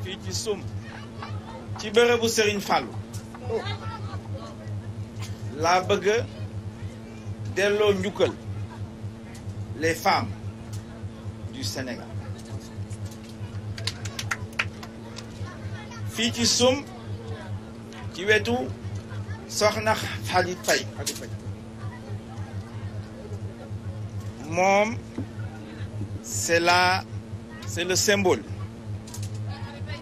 fii ci sum ci bërëbu Serigne Fallou laa bëgg delloo njukkal les femmes du Sénégal fii ci sum ci wetu soxna Xadi Faye moom c'est la c'est le symbole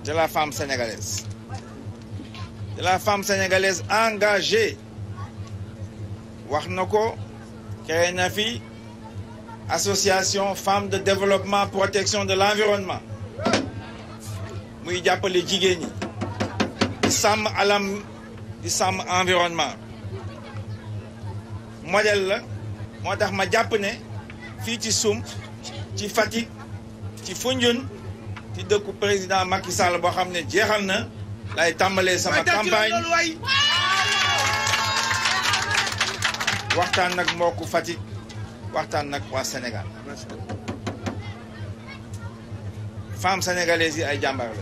de la femme sénégalaise de la femme sénégalaise engagée wax na ko na fi association femme de développement protection de l'environnement muy jàppale jigéen ñi di sàmm alam di environnement modèle la moo tax ma jàpp ne fii ci Soum ci Fatick ci Foundiougne ci dëkku président Macky Sall boo xam ne jeexal na lay tàmbalee sama campagne waxtaan nag mbokku Fatick waxtaan nag waa Sénégal femmes sénégalaises yi ay jàmbaar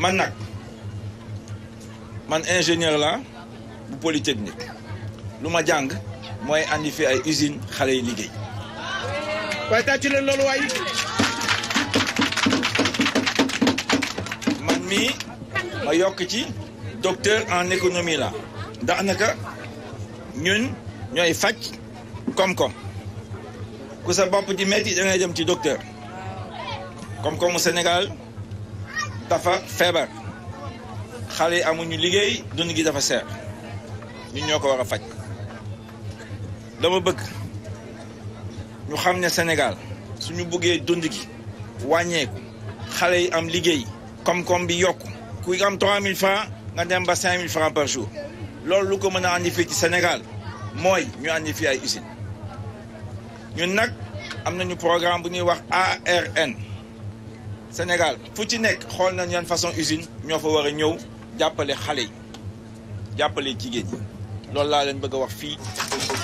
man nag man ingénieur la bu polytechnique lu ma jàng mooy andi ay usine xale yi liggéey. waaye tàccu leen loolu waay. man mii ma yokk ci docteur en économie la daanaka naka ñun ñooy faj koom-koom ku sa bopp di metti da ngay dem ci docteur koom-koomu Sénégal dafa feebar. xale yi amuñu liggéey dund gi dafa seer ñun ñoo ko war a faj dama bëgg ñu xam ne Sénégal suñu bëggee dund gi wàññeeku xale yi am liggéey koom-koom bi yokku kuy am 3000 francs nga dem ba 5000 francs par jour loolu lu ko mën a andi fii ci Sénégal mooy ñu andi fii ay usine ñun nag am nañu programme bu ñuy wax ARN Sénégal fu ci nekk xool na yan façon usine ñoo fa war a ñëw jàppale xale yi jàppale jigéen ñi loolu laa leen bëgg a wax fii